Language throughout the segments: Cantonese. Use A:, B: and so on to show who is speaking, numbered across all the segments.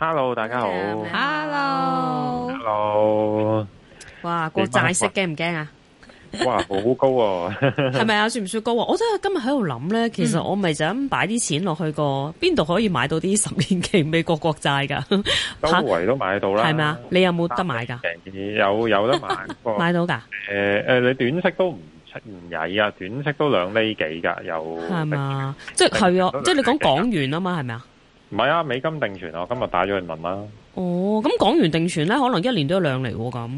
A: hello，大家好。
B: hello，hello hello, hello, hello，那個。哇，國債息驚唔驚啊？
A: 哇，好 高喎！係咪啊？
B: 是是算唔算高，啊、我真係今日喺度諗咧，其實我咪就咁擺啲錢落去個邊度可以買到啲十年期美國國債噶？周 圍
A: 都買到啦，係咪啊？
B: 你有冇得買噶？
A: 有有得買， 買到噶？誒、呃、誒、呃，你短息都唔出現矮啊，短息都兩厘幾噶，有係嘛？
B: 即係係啊，即係你講港元啊嘛，係咪啊？
A: 唔係啊，美金定存我今日打咗去問啦。
B: 哦，咁港元定存咧，可能一年都有兩厘咁，哦。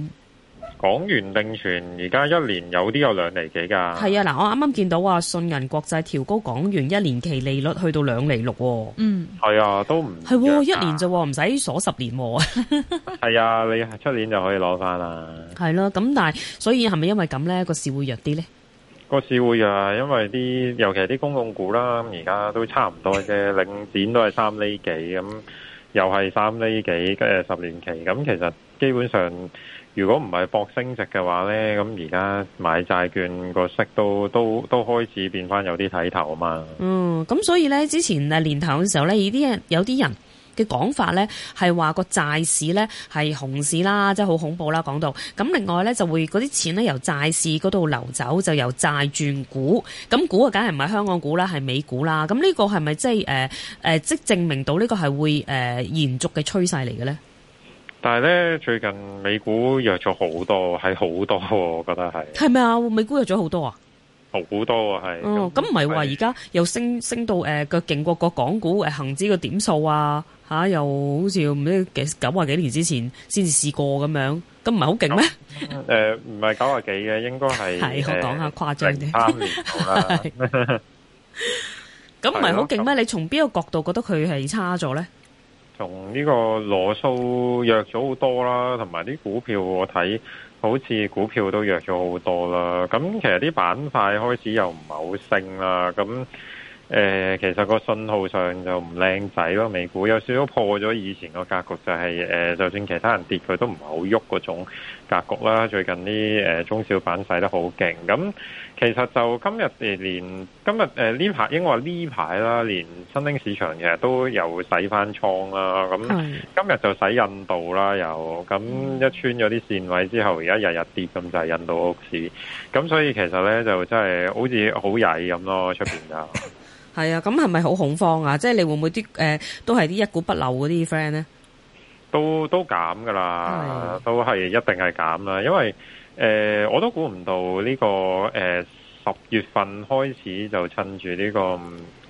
A: 港元定存而家一年有啲有兩厘幾噶。係啊，
B: 嗱，我啱啱見到話，啊，信銀國際調高港元一年期利率去到兩厘六，哦。嗯，
A: 係啊，都唔係，
B: 啊、一年啫，哦，唔使鎖十年，哦。
A: 係 啊，你出年就可以攞翻啦。
B: 係咯，啊，咁但係，所以係咪因為咁咧個市會弱啲咧？
A: 個市會啊，因為啲尤其係啲公共股啦，而家都差唔多嘅，領展都係三厘幾，咁又係三厘幾跟住十年期，咁其實基本上，如果唔係博升值嘅話咧，咁而家買債券個息都都都開始變翻有啲睇頭啊嘛。嗯，
B: 咁所以咧，之前啊年頭嘅時候咧，依啲人有啲人嘅講法咧，係話個債市咧係熊市啦，真係好恐怖啦，講到咁另外咧就會嗰啲錢咧由債市嗰度流走，就由債轉股，咁股啊梗係唔係香港股啦，係美股啦，咁呢個係咪即係誒、呃、即證明到呢個係會誒、呃、延續嘅趨勢嚟嘅咧？
A: 但係咧，最近美股弱咗好多，係好多，我覺得係
B: 係咪啊？美股弱咗好多啊！
A: 好多啊，係。哦，
B: 咁唔係話而家又升升到誒個勁過個港股誒恆指嘅點數啊？嚇，又好似唔知幾九啊幾年之前先至試過咁樣，咁唔係好勁咩？
A: 誒，唔係九啊幾嘅，應該係誒。我講下誇張啲。差年講啦。
B: 咁唔係好勁咩？你從邊個角度覺得佢係差咗咧？
A: 從呢個羅素弱咗好多啦，同埋啲股票我睇，好似股票都弱咗好多啦。咁其實啲板塊開始又唔係好升啦。咁。呃、其實個信號上就唔靚仔咯，美股有少少破咗以前個格局，就係、呃、就算其他人跌，佢都唔係好喐嗰種格局啦。最近啲、呃、中小板洗得好勁，咁其實就今日連今日誒呢排應該話呢排啦，連新興市場其實都有洗翻倉啦。咁、嗯、今日就洗印度啦，又咁一穿咗啲線位之後，而家日日跌咁就係印度屋市，咁所以其實咧就真係好似好曳咁咯，出面就。
B: 係啊，咁係咪好恐慌啊？即係你會唔會啲誒、呃，都係啲一股不漏嗰啲 friend 咧？都都減噶
A: 啦，都係、嗯、一定係減啦。因為誒、呃，我都估唔到呢、這個誒十、呃、月份開始就趁住呢、這個誒、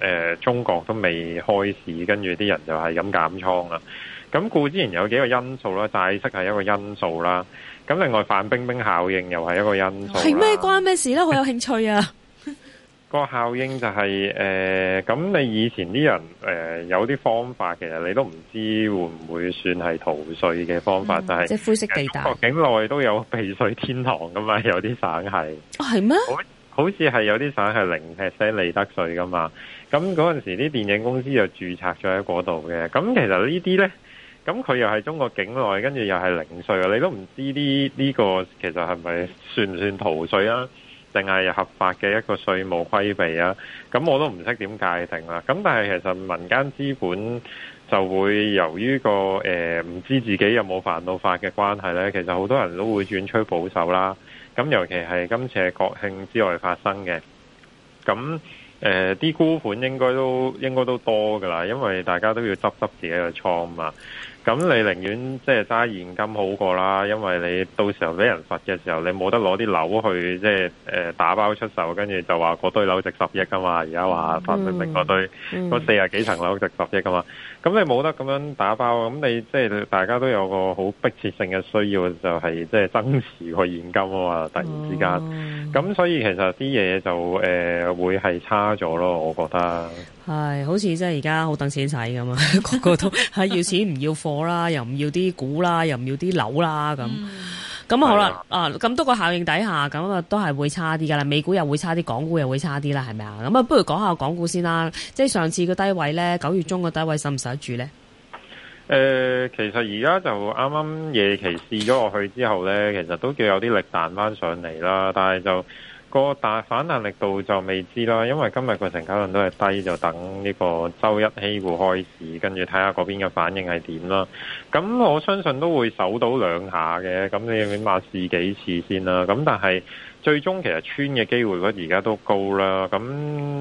A: 呃、中國都未開市，跟住啲人就係咁減倉啦。咁故之前有幾個因素啦，債息係一個因素啦。咁另外范冰冰效應又係一個因素。係咩
B: 關咩事咧？好 有興趣啊！
A: 個效應就係、是、誒，咁、呃、你以前啲人誒、呃、有啲方，方法，其實你都唔知會唔會算係逃稅嘅方法，就係、是、即灰色地帶。中國境內都有避稅天堂㗎嘛，有啲省係。
B: 哦，係咩？
A: 好，好似係有啲省係零，係使利得稅㗎嘛。咁嗰陣時啲電影公司就註冊咗喺嗰度嘅。咁其實呢啲呢，咁佢又係中國境內，跟住又係零稅，你都唔知呢呢、這個其實係咪算唔算逃稅啊？定係合法嘅一個稅務規避啊，咁我都唔識點界定啦。咁但係其實民間資本就會由於個誒唔、呃、知自己有冇犯到法嘅關係呢，其實好多人都會轉趨保守啦。咁尤其係今次係國慶之外發生嘅，咁誒啲沽盤應該都應該都多噶啦，因為大家都要執執自己嘅倉嘛。咁你寧願即係揸現金好過啦，因為你到時候俾人罰嘅時候，你冇得攞啲樓去即係誒打包出售，跟住就話嗰堆樓值十億噶嘛，而家話發生成嗰堆嗰、嗯嗯、四廿幾層樓值十億噶嘛，咁你冇得咁樣打包，咁你即係、就是、大家都有個好迫切性嘅需要，就係即係增持個現金啊嘛，突然之間，咁、嗯、所以其實啲嘢就誒、呃、會係差咗咯，我覺得。
B: 係，好似即係而家好等錢使咁、 嗯、啊！個個都係要錢唔要貨啦，又唔要啲股啦，又唔要啲樓啦咁。咁好啦，啊咁多個效應底下，咁啊都係會差啲噶啦。美股又會差啲，港股又會差啲啦，係咪啊？咁啊，不如講下港股先啦。即係上次個低位咧，九月中個低位受唔受得住咧？
A: 誒、呃，其實而家就啱啱夜期試咗落去之後咧，其實都叫有啲力彈翻上嚟啦，但係就。個大反彈力度就未知啦，因為今日個成交量都係低，就等呢個周一期貨開始。跟住睇下嗰邊嘅反應係點啦。咁我相信都會守到兩下嘅，咁你起碼試幾次先啦。咁但係。最終其實穿嘅機會率而家都高啦，咁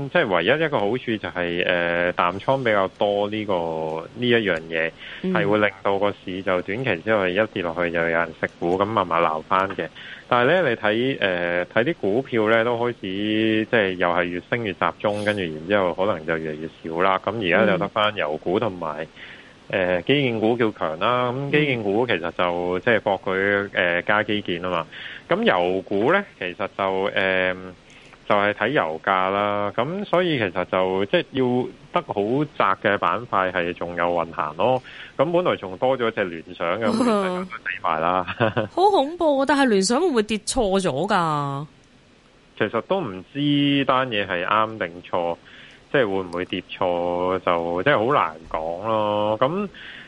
A: 即係唯一一個好處就係、是、誒、呃、淡倉比較多呢，這個呢一樣嘢，係、嗯、會令到個市就短期之後一跌落去就有人食股，咁慢慢撈返嘅。但係呢，你睇誒睇啲股票呢都開始即係又係越升越集中，跟住然之後，後可能就越嚟越少啦。咁而家就得翻油股同埋。誒，基建股叫強啦，咁基建股其實就即係博佢誒加基建啊嘛。咁油股咧，其實就誒就係睇油價啦。咁所以其實就即係要得好窄嘅板塊係仲有運行咯。咁本來仲多咗一隻聯想嘅，咁而家都死埋啦。
B: 好恐怖！但係聯想會唔會跌錯咗噶？
A: 其實都唔知單嘢係啱定錯。即係會唔會跌錯就即係好難講咯。咁誒、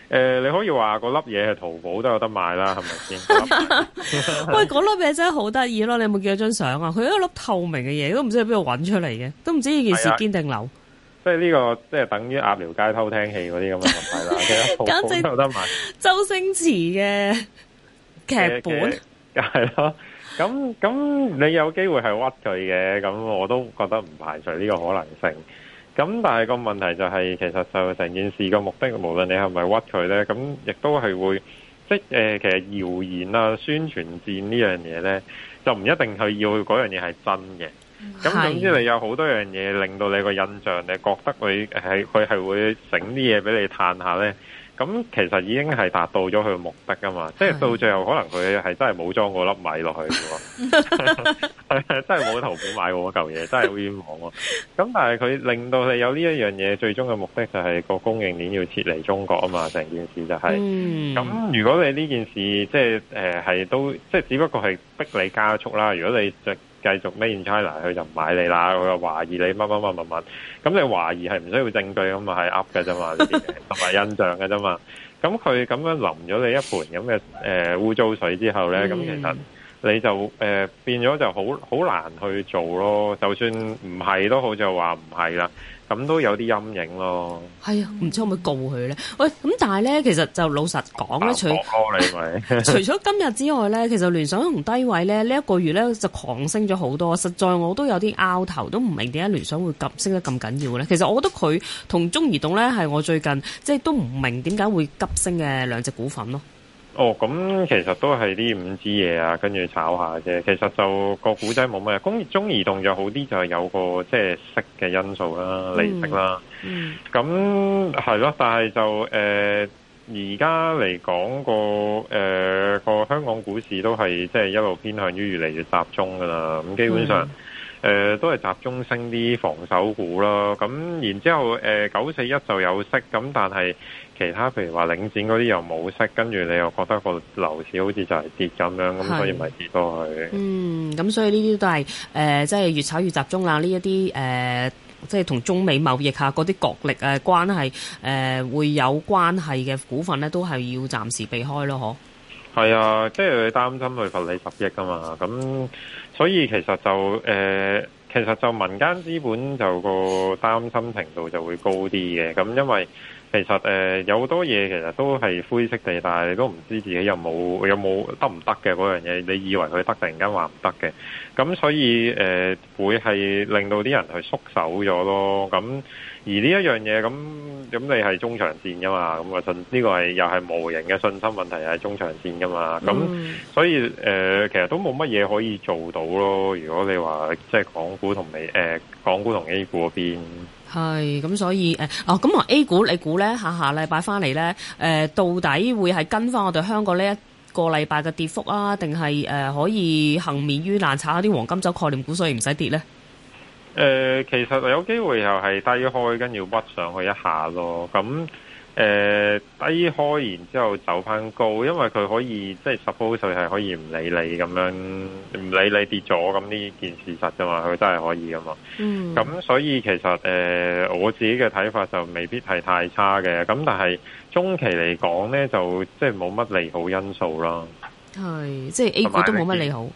A: 呃，你可以話嗰粒嘢係淘寶都有得賣啦，係咪先？ 喂，
B: 嗰粒嘢真係好得意咯！你有冇見到張相啊？佢 一粒透明嘅嘢，都唔知喺邊度搵出嚟嘅，都唔知呢件事堅定流。
A: 即係呢、這個即係等於鴨寮街偷聽器嗰啲咁嘅問題啦。咁即係有得賣
B: 周星馳嘅劇本，係
A: 咯、 嗯？咁、嗯、咁、嗯、你有機會係屈佢嘅，咁、嗯、我都覺得唔排除呢個可能性。咁但係個問題就係、是，其實就成件事個目的，無論你係咪屈佢呢，咁亦都係會，即係誒、呃，其實謠言啊、宣傳戰呢樣嘢呢，就唔一定係要嗰樣嘢係真嘅。咁總之你有好多樣嘢令到你個印象，你覺得佢係佢係會整啲嘢俾你嘆下呢。咁其實已經係達到咗佢嘅目的㗎嘛，即、就、係、是、到最後可能佢係真係冇裝嗰粒米落去㗎喎， 真係冇喺淘寶買過嗰嚿嘢，真係好冤枉啊！咁但係佢令到你有呢一樣嘢，最終嘅目的就係個供應鏈要撤離中國啊嘛，成件事就係、是。咁、嗯、如果你呢件事即係係都即係、就是、只不過係逼你加速啦，如果你繼續 made in China，佢就唔買你啦，佢又懷疑你乜乜乜乜乜，咁你懷疑係唔需要證據㗎嘛，係噏嘅啫嘛，呢啲同埋印象嘅啫嘛，咁佢咁樣淋咗你一盆咁嘅誒污糟水之後咧，咁其實。你就誒、呃、變咗就好好難去做咯，就算唔係都好就，就話唔係啦，咁都有啲陰影咯。
B: 係啊，唔知可唔可以告佢咧？喂，咁但係咧，其實就老實講咧、啊，除，
A: 你咪， 除咗
B: 今日之外咧，其實聯想同低位咧呢一、呢個月咧就狂升咗好多，實在我都有啲拗頭，都唔明點解聯想會急升得咁緊要咧。其實我覺得佢同中移動咧係我最近即係、就是、都唔明點解會急升嘅兩隻股份咯。
A: 哦，咁其實都係啲五支嘢啊，跟住炒下啫。其實就個股仔冇乜，工業中移動就好啲，就係有個即係息嘅因素啦，利息啦。咁係咯，但係就誒而家嚟講個誒個香港股市都係即係一路偏向於越嚟越集中噶啦。咁基本上。嗯誒、呃，都係集中升啲防守股囉。咁然之後誒九四一就有息。咁但係其他譬如話領展嗰啲又冇息。跟住你又覺得個樓市好似就係跌咁樣，咁所以咪跌多去。嗯，
B: 咁所以呢啲都係誒，即係越炒越集中啦。呢一啲誒，即係同中美貿易下嗰啲角力關係誒，會有關係嘅股份咧，都係要暫時避開咯，嗬。
A: 係啊，即係佢擔心佢罰你十億噶嘛，咁所以其實就誒、呃，其實就民間資本就個擔心程度就會高啲嘅，咁因為其實誒、呃、有好多嘢其實都係灰色地帶，但你都唔知自己有冇有冇得唔得嘅嗰樣嘢，你以為佢得，突然間話唔得嘅，咁所以誒、呃、會係令到啲人去縮手咗咯，咁。而呢一樣嘢咁咁，你係中長線噶嘛？咁啊信呢個係又係無形嘅信心問題，又係中長線噶嘛？咁、嗯、所以誒、呃，其實都冇乜嘢可以做到咯。如果你話即係港股同美、呃、港股同 A 股嗰邊
B: 係咁，所以誒哦咁話 A 股你呢，你估咧下下禮拜翻嚟咧到底會係跟翻我哋香港呢一個禮拜嘅跌幅啊？定係、呃、可以幸免於難，炒啲黃金周概念股，所以唔使跌咧？
A: 誒、呃，其實有機會又係低開，跟住屈上去一下咯。咁、呃、誒，低開然之後走返高，因為佢可以即係 suppose 佢係可以唔理你咁樣，唔理你跌咗，咁呢件事實啫嘛，佢真係可以噶嘛。嗯。咁、嗯、所以其實誒、呃，我自己嘅睇法就未必係太差嘅。咁但係中期嚟講咧，就即係冇乜利好因素咯。
B: 係，即係 A 股都冇乜利好。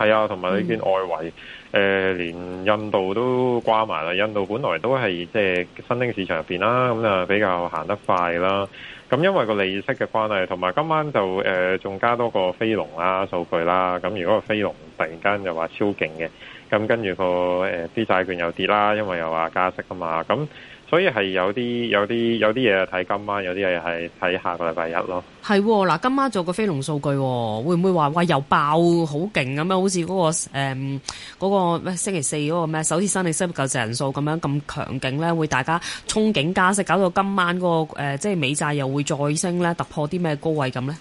A: 係啊，同埋呢見外圍，誒、呃、連印度都掛埋啦。印度本來都係即係新興市場入邊啦，咁啊比較行得快啦。咁因為個利息嘅關係，同埋今晚就仲、呃、加多個非農啦，數據啦。咁如果個非農突然間又話超勁嘅，咁跟住、個誒啲、呃、債券又跌啦，因為又話加息啊嘛，咁。所以係有啲有啲有啲嘢睇今晚，有啲嘢係睇下個禮拜一咯。
B: 係嗱，今晚做個非農數據，會唔會話哇又爆好勁咁樣？好似嗰、那個誒、嗯那個咩星期四嗰個咩首次申請失業救濟人數咁樣咁強勁咧？會大家憧憬加息，搞到今晚嗰、那個誒、呃、即係美債又會再升咧，突破啲咩高位咁咧？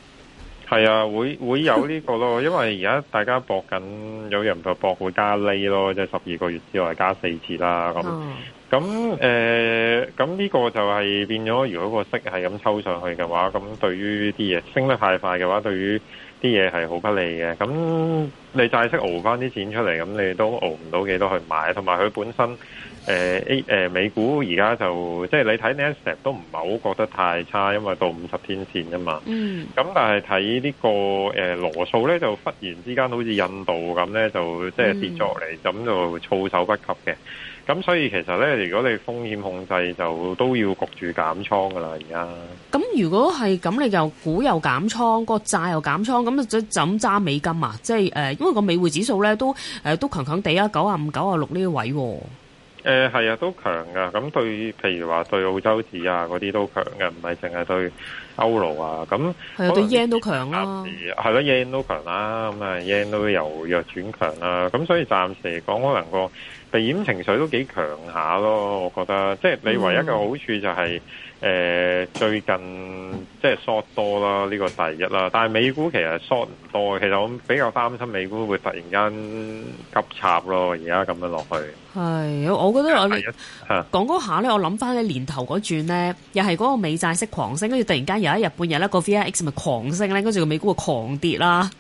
A: 係啊，會會有呢個咯，因為而家大家博緊，有人就係博會加利咯，即係十二個月之外加四次啦咁。嗯咁誒，咁、呃、呢個就係變咗。如果個息係咁抽上去嘅話，咁對於啲嘢升得太快嘅話，對於啲嘢係好不利嘅。咁你債息熬翻啲錢出嚟，咁你都熬唔到幾多去買，同埋佢本身。誒、呃、A、欸呃、美股而家就即係你睇 Nasdaq 都唔係好覺得太差，因為到五十天線啊嘛。咁、嗯、但係睇呢個誒、呃、羅素咧，就忽然之間好似印度咁咧，就即係跌咗嚟，咁、嗯、就措手不及嘅。咁所以其實咧，如果你風險控制就都要焗住減倉噶啦。而家
B: 咁如果係咁，你又股又減倉，個債又減倉，咁就怎揸美金啊？即係誒，因為個美匯指數咧都誒、呃、都強強地 95, 這啊，九啊五、九啊六呢個位喎。
A: 誒、呃，係啊，都強噶咁對，譬如話對澳洲紙啊嗰啲都強嘅，唔係淨係對歐羅啊，咁
B: 係啊，對 yen 都強咯、啊，
A: 係咯 yen 都強啦、啊，咁啊 yen、嗯、都由弱轉強啦、啊，咁所以暫時嚟講，可能個避險情緒都幾強下、啊、咯，我覺得，即、就、係、是、你唯一嘅好處就係、是。嗯誒、呃，最近即係 short 多啦，呢、這個第一啦。但係美股其實 short 唔多，其實我比較擔心美股會突然間急插咯。而家咁樣落去，
B: 係，我覺得我、啊、講嗰下咧，我諗翻你年頭嗰轉咧，又係嗰個美債息狂升，跟住突然間有一日半日咧個 VIX 咪狂升咧，跟住個美股啊狂跌啦，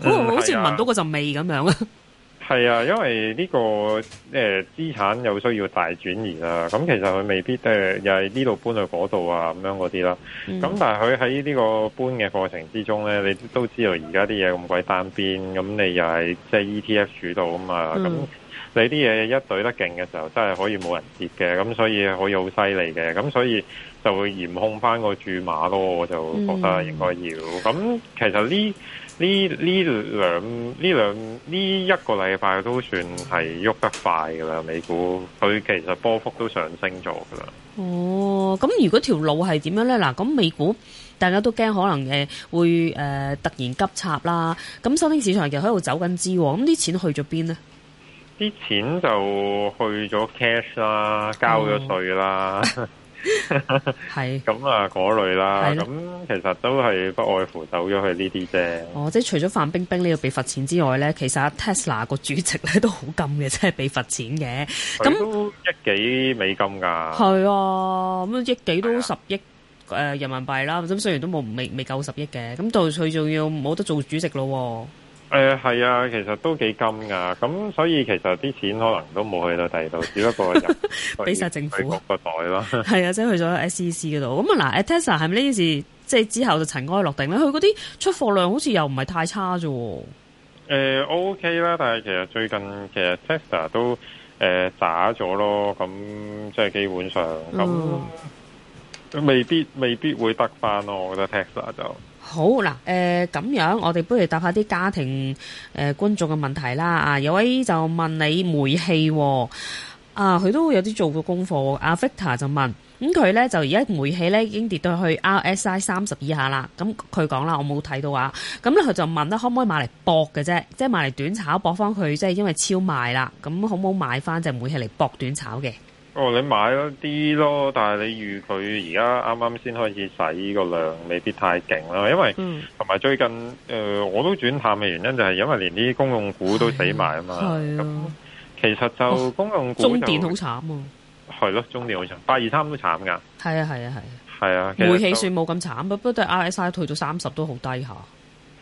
B: 嗯、好似聞到嗰陣味咁樣啊！嗯
A: 係啊，因為呢、呢個誒、呃、資產有需要大轉移啦、啊，咁其實佢未必誒、呃、又係呢度搬去嗰度啊，咁樣嗰啲啦。咁、mm-hmm. 但係佢喺呢個搬嘅過程之中咧，你都知道而家啲嘢咁鬼單邊，咁你又係即係 ETF 主導啊嘛，咁、mm-hmm。你啲嘢一懟得勁嘅時候，真係可以冇人跌嘅，咁所以可以好犀利嘅，咁所以就會嚴控翻個注碼咯，我就覺得應該要。咁、嗯、其實呢呢呢兩呢兩呢一個禮拜都算係喐得快噶啦，美股佢其實波幅都上升咗噶啦。
B: 哦，咁如果條路係點樣咧？嗱，咁美股大家都驚可能誒會誒、呃、突然急插啦。咁新興市場其實喺度走緊資，咁啲錢去咗邊呢？
A: 啲錢就去咗 cash 啦，交咗稅啦，
B: 係
A: 咁啊嗰類啦，咁其實都係不外乎走咗去呢啲啫。哦，即
B: 係除咗范冰冰呢度被罰錢之外咧，其實 Tesla 個主席咧都好金嘅，真係畀罰錢嘅。咁
A: 都億幾美金噶？係
B: 啊，咁億幾都十億誒人民幣啦，咁、哎、雖然都冇未未夠十億嘅，咁到佢仲要冇得做主席咯。
A: 誒、呃，係啊，其實都幾金噶，咁所以其實啲錢可能都冇去到第二度， 只不過就俾晒政府個袋咯。係 啊，即、就、
B: 係、是、去咗 SEC 嗰度。咁啊嗱，Tesla 係咪呢件事即係、就是、之後就塵埃落定咧？佢嗰啲出貨量好似又唔係太差啫。
A: 誒，O K 啦，但係其實最近其實 Tesla 都誒打咗咯，咁即係基本上咁、嗯呃，未必未必會得返咯。我覺得 Tesla 就。
B: 好喇，誒、呃，咁樣我哋不如答下啲家庭誒、呃、觀眾嘅問題啦。啊，有位就問你煤氣、哦，啊，佢都有啲做過功課。阿、啊、Victor 就問，咁佢咧就而家煤氣咧已經跌到去 R S I 三十以下啦。咁佢講啦，我冇睇到啊。咁咧佢就問得可唔可以買嚟搏嘅啫？即係買嚟短炒搏翻佢，即係因為超賣啦。咁可唔可以買翻隻煤氣嚟搏短炒嘅？
A: 哦，你買咗啲咯，但係你預佢而家啱啱先開始使、那個量，未必太勁啦。因為同埋、嗯、最近，誒、呃，我都轉淡嘅原因就係因為連啲公用股都死埋啊嘛。係、啊啊、其實就公用股中電好慘喎。係、哦、咯，中電好慘、啊，八二三都慘慘㗎。
B: 係啊，係啊，係
A: 啊。係啊，煤氣算
B: 冇咁慘，不過都 RSI 退咗三十都好低下。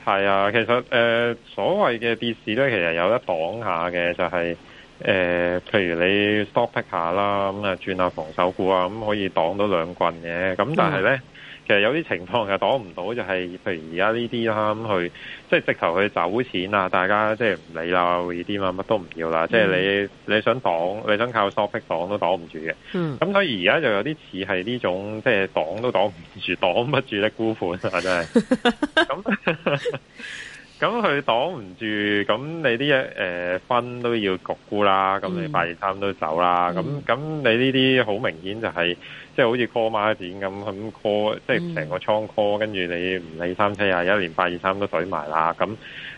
A: 係啊，其實誒、啊呃，所謂嘅跌市咧，其實有得擋下嘅、就是，就係。誒，譬如你 stop pick 一下啦，咁啊轉下防守股啊，咁可以擋到兩棍嘅。咁但係咧、嗯，其實有啲情況係擋唔到，就係、是、譬如而家呢啲啦，咁去即係直頭去走錢啊！大家即係唔理啦，會啲嘛乜都唔要啦、嗯。即係你你想擋，你想靠 stop pick 擋都擋唔住嘅。咁、嗯、所以而家就有啲似係呢種，即係擋都擋唔住，擋不住的沽盤啊！真係。 這樣 咁佢擋唔住，咁你啲嘢誒分都要焗沽啦，咁你八二三都走啦，咁咁你呢啲好明顯就係即係好似 call 孖展咁，咁 call 即係成個倉 call，跟住你唔理三七廿一連八二三都水埋啦，咁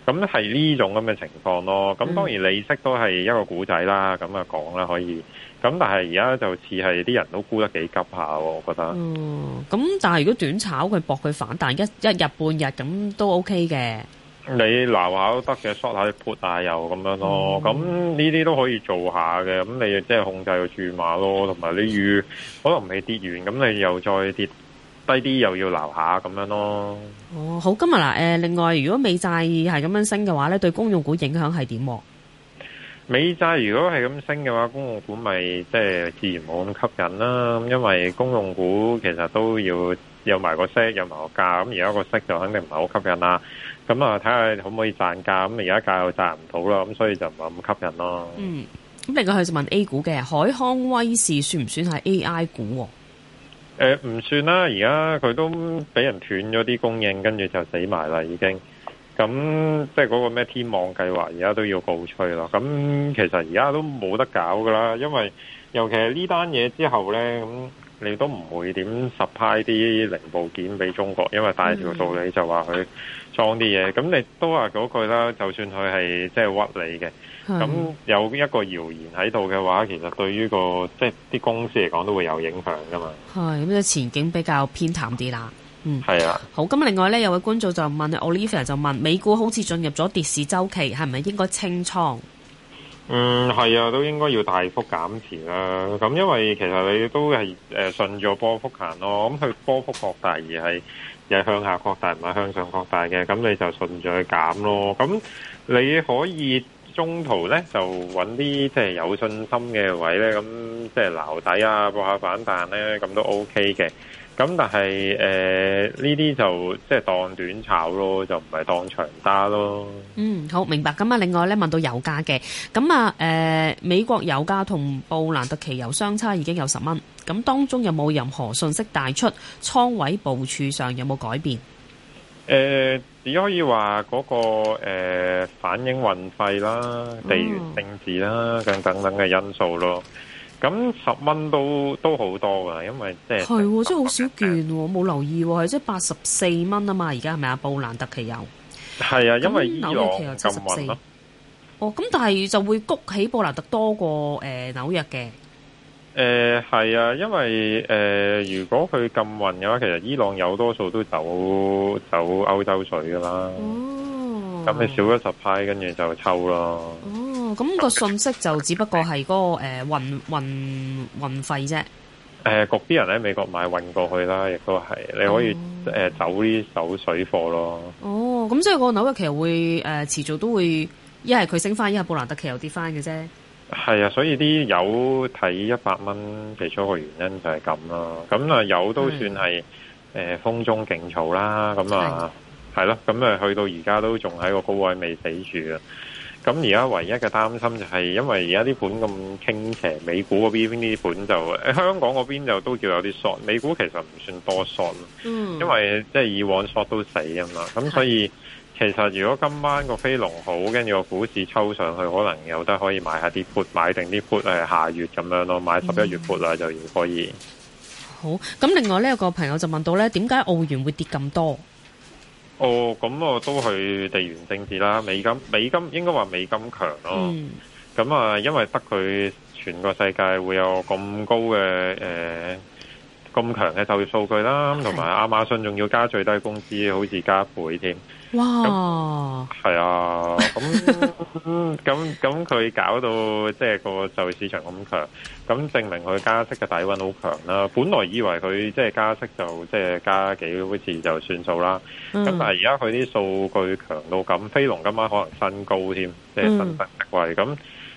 A: 咁係呢種咁嘅情況咯。咁當然利息都係一個古仔啦，咁啊講啦可以。咁但係而家就似係啲人都沽得幾急下，我覺得。哦，
B: 咁但係如果短炒佢搏佢反彈一一日半日咁都 OK 嘅。
A: 你撈下都得嘅，short 下啲 put 下油咁樣咯。咁呢啲都可以做下嘅。咁你即係控制個注碼咯，同埋你預可能未跌完，咁你又再跌低啲，又要撈下咁樣咯。哦，
B: 好，今日啦，誒，另外如果美債係咁樣升嘅話咧，對公用股影響係點？美
A: 債如果係咁升嘅話，公用股咪即係自然冇咁吸引啦。咁因為公用股其實都要有埋個息，有埋個價。咁而家個息就肯定唔係好吸引啦。咁啊，睇下可唔可以賺價，咁而家價又賺唔到啦，咁所以就唔係咁吸引咯。嗯，
B: 咁另外佢就問 A 股嘅，海康威視算唔算係 AI 股？誒、
A: 呃，唔算啦，而家佢都俾人斷咗啲供應，跟住就死埋啦已經。咁即係嗰個咩天網計劃，而家都要告吹咯。咁其實而家都冇得搞噶啦，因為尤其係呢單嘢之後咧咁。嗯你都唔會點 supply 啲零部件俾中國，因為大條道理就話佢裝啲嘢。咁你都話嗰句啦，就算佢係即係屈你嘅，咁有一個謠言喺度嘅話，其實對於個即係啲公司嚟講都會有影響噶嘛。
B: 係咁，就前景比較偏淡啲啦。嗯，係啊。好，咁另外呢，有位觀眾就問 Olivia 就問：美股好似進入咗跌市周期，係咪應該清倉？
A: 嗯，係啊，都應該要大幅減持啦。咁因為其實你都係誒順住波幅行咯。咁佢波幅擴大而係又係向下擴大，唔係向上擴大嘅，咁你就順住去減咯。咁你可以中途呢就揾啲即係有信心嘅位呢，咁即係留底啊，博下反彈呢，咁都 OK 嘅。咁但係誒呢啲就即係當短炒咯，就唔係當長揸咯。嗯，
B: 好明白。咁啊，另外咧問到油價嘅，咁啊誒，美國油價同布蘭特期油相差已經有十蚊。咁當中有冇任何信息帶出倉位部署上有冇改變？
A: 誒、呃，只可以話嗰、那個誒、呃，反映運費啦、地緣政治啦、嗯，等等等嘅因素咯。咁十蚊都都好多噶，因為即係係
B: 喎，即係好少券喎，冇留意喎，即係八十四蚊啊嘛，而家係咪啊？布蘭特期油
A: 係啊，因為伊朗紐約其實有七
B: 十四禁運咯。哦，咁但係就會谷起布蘭特多過誒紐、呃、約嘅。
A: 誒、呃、係啊，因為誒、呃、如果佢禁運嘅話，其實伊朗有多數都走走歐洲水噶啦。
B: 哦。咁你少
A: 咗十派，跟住就抽咯。哦
B: 咁、嗰個信息就只不過係、嗰個、呃、運，運，運費啫。
A: 誒、呃，焗啲人喺美國買運過去啦，亦都係你可以、oh. 呃、走呢走水貨咯。
B: 哦，咁即係個紐約期會誒遲早都會一係佢升翻，一係布蘭特期又跌翻嘅啫。
A: 係啊，所以啲油睇一百蚊，其中一個原因就係咁啦。咁啊，油都算係、呃、風中勁草啦。咁啊，係咯。咁啊，去到而家都仲喺個高位未死住啊。咁而家唯一嘅擔心就係，因為而家啲盤咁傾斜，美股嗰邊呢啲盤就，香港嗰邊就都叫有啲 short，美股其實唔算多 short，嗯、因為即係以往 short 都死啊嘛。咁所以其實如果今晚個飛龍好，跟住個股市抽上去，可能有得可以買下啲 put，買定啲 put 誒下月咁樣咯，買十一月 put 啊，嗯，就要可以。
B: 好，咁另外呢個朋友就問到咧，點解澳元會跌咁多？
A: 哦，咁我都去地緣政治啦。美金，美金應該話美金強咯。咁啊，因為得佢全個世界會有咁高嘅，誒，咁強嘅就業數據啦，同埋亞馬遜仲要加最低工資，好似加倍添。哇哦哦，係啊，咁咁咁佢搞到即係個就業市場咁強，咁證明佢加息嘅底蘊好強啦。本來以為佢即係加息就即係加幾多次就算數啦，咁、嗯、但係而家佢啲數據強到咁，飛龍今晚可能新高添，即係新歷史位咁。嗯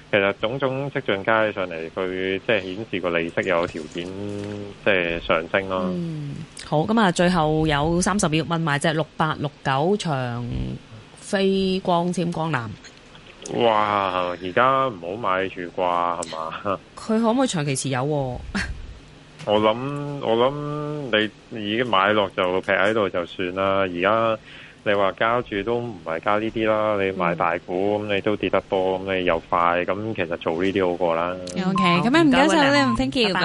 A: 其實種種跡象加起上嚟，佢即係顯示個利息有條件即係上升咯。嗯，
B: 好咁啊，最後有三十秒問埋隻六八六九長飛光纖光纜。
A: 哇！而家唔好買住啩係嘛？
B: 佢可唔可以長期持有，啊 我？
A: 我諗我諗你已經買落就劈喺度就算啦，而家。你話交住都唔係交呢啲啦，你買大股咁你都跌得多，咁你又快，咁其實做呢啲好過啦。OK，咁
B: 樣唔該晒你，thank you，thank you. Bye bye. Bye bye.